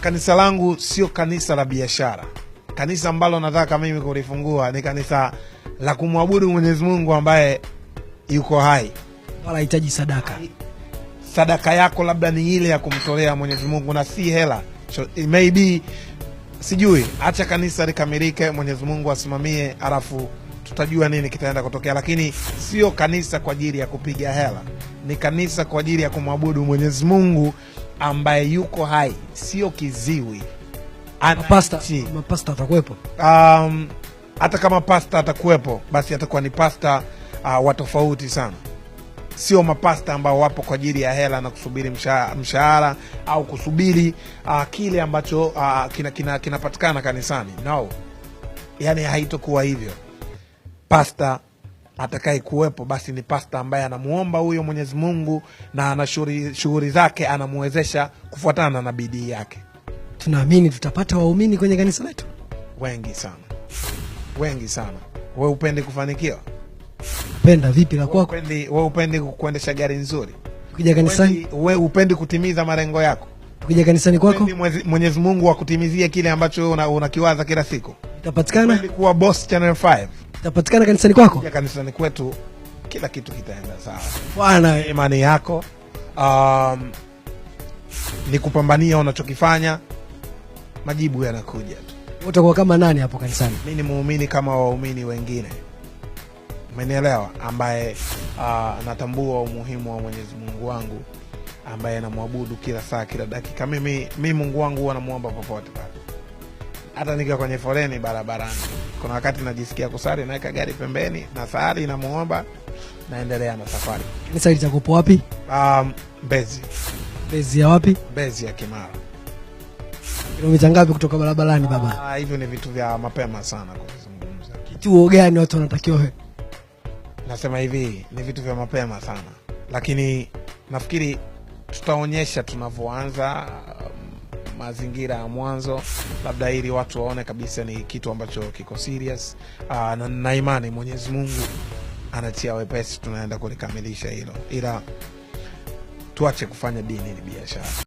kanisa langu sio kanisa la biashara. Kanisa ambalo nataka mimi kulifungua ni kanisa la kumwabudu Mwenyezi Mungu ambaye yuko hai, wala sadaka. Sadaka yako labda ni ile ya kumtolea Mwenyezi Mungu na si hela, so sijui. hacha kanisa likamilike, Mwenyezi Mungu asimamie, alafu tutajua nini kitaenda kutokea, lakini sio kanisa kwa ajili ya kupiga hela, ni kanisa kwa ajili ya kumwabudu Mwenyezi Mungu ambaye yuko hai, sio kiziwi. anapasta atakuwepo. Um, hata kama pasta atakuwepo, basi atakuwa ni pasta uh, wa tofauti sana, sio mapasta ambao wapo kwa ajili ya hela na kusubiri mshahara, mshahara au kusubiri uh, kile ambacho uh, kinapatikana kina, kina kanisani. No, yani haitokuwa hivyo. Pasta atakaye kuwepo basi ni pasta ambaye anamuomba huyo Mwenyezi Mungu na ana shughuli zake anamuwezesha kufuatana na bidii yake. Tunaamini tutapata waumini kwenye kanisa letu wengi sana, wengi sana. Wewe upendi kufanikiwa? Penda vipi la kwako? Wewe upendi kuendesha gari nzuri Ukija kanisani? wewe upendi kutimiza malengo yako? Ukija kanisani kwako Mwenyezi Mungu akutimizie kile ambacho unakiwaza una kila siku. Itapatikana kuwa boss Channel 5. Itapatikana kanisani kwako? kanisani kwetu kila kitu kitaenda sawa. Bwana imani yako um, ni kupambania unachokifanya, majibu yanakuja tu. Utakuwa kama nani hapo kanisani? Mimi ni muumini kama waumini wengine, umenielewa, ambaye uh, natambua umuhimu wa Mwenyezi Mungu wangu ambaye anamwabudu kila saa kila dakika. Mimi mi Mungu wangu huwa namwomba popote pale, hata nika kwenye foleni barabarani. Kuna wakati najisikia kusali, naweka gari pembeni na sali, namuomba, naendelea na safari. Sali za kupo wapi? Um, Mbezi. Mbezi ya wapi? Mbezi ya Kimara. Kilomita ngapi kutoka barabarani baba? Ah, hivyo ni vitu vya mapema sana kuzungumza. Kituo gani watu wanatakiwa? Nasema hivi ni vitu vya mapema sana, lakini nafikiri tutaonyesha tunavyoanza um, mazingira ya mwanzo, labda ili watu waone kabisa ni kitu ambacho kiko serious. Ah, na na imani Mwenyezi Mungu anatia wepesi, tunaenda kulikamilisha hilo, ila tuache kufanya dini ni biashara.